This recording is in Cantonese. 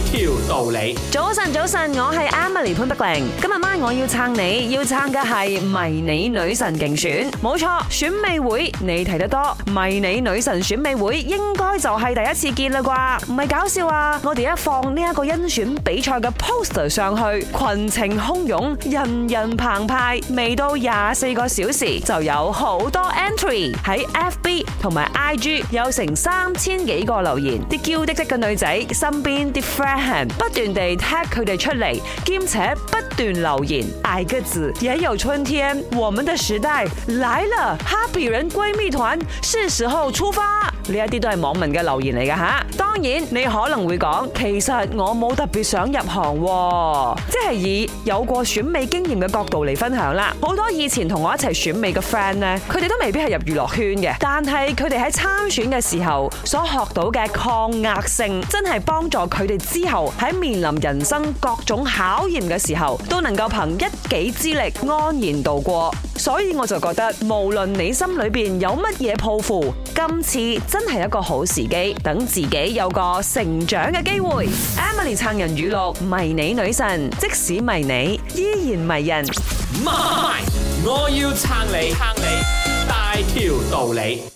條道理。早晨，早晨，我係 Emily 潘碧玲。今日晚我要撐你，要撐嘅係迷你女神競選。冇錯，選美會你提得多，迷你女神選美會應該就係第一次見啦啩？唔係搞笑啊！我哋一放呢一個甄選比賽嘅 poster 上去，群情洶湧，人人澎湃。未到廿四個小時，就有好多 entry 喺 FB 同埋 IG，有成三千幾個留言。啲嬌滴滴嘅女仔身邊啲。不斷地 tag 佢哋出嚟，兼且不斷留言。矮個子，也有春天，我們的時代來了。哈比人閨蜜團，是時候出發。呢一啲都係網民嘅留言嚟噶吓。當然，你可能會講，其實我冇特別想入行，哦，即係以有過選美經驗嘅角度嚟分享啦。好多以前同我一齊選美嘅 friend 咧，佢哋都未必係入娛樂圈嘅，但係佢哋喺參選嘅時候所學到嘅抗壓性，真係幫助佢哋。之後喺面臨人生各種考驗嘅時候，都能夠憑一己之力安然度過，所以我就覺得，無論你心裏邊有乜嘢抱負，今次真係一個好時機，等自己有個成長嘅機會。Emily 撐人語錄，迷你女神，即使迷你依然迷人。媽，我要撐你，撐你大條道理。